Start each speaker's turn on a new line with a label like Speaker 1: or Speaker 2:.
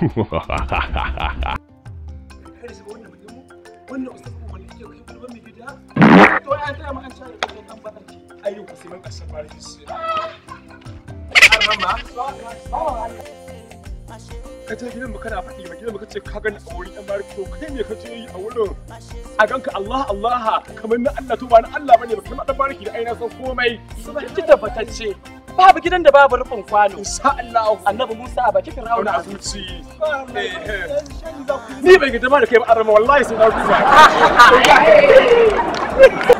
Speaker 1: ka je gidan na faɗi
Speaker 2: ba gidan maka ce ka a wurin ka a wurin
Speaker 3: a ganka Allah Allah kamar na Allah to ba na Allah bane ba kamar dan bariki da aina san komai ki tabbatacce babu gidan da babu rufin kwano insha Allah annabi Musa a bakin Fir'auna a zuci
Speaker 4: eh. eh, eh, ni bai gidama da kai ba arama wallahi sun dauki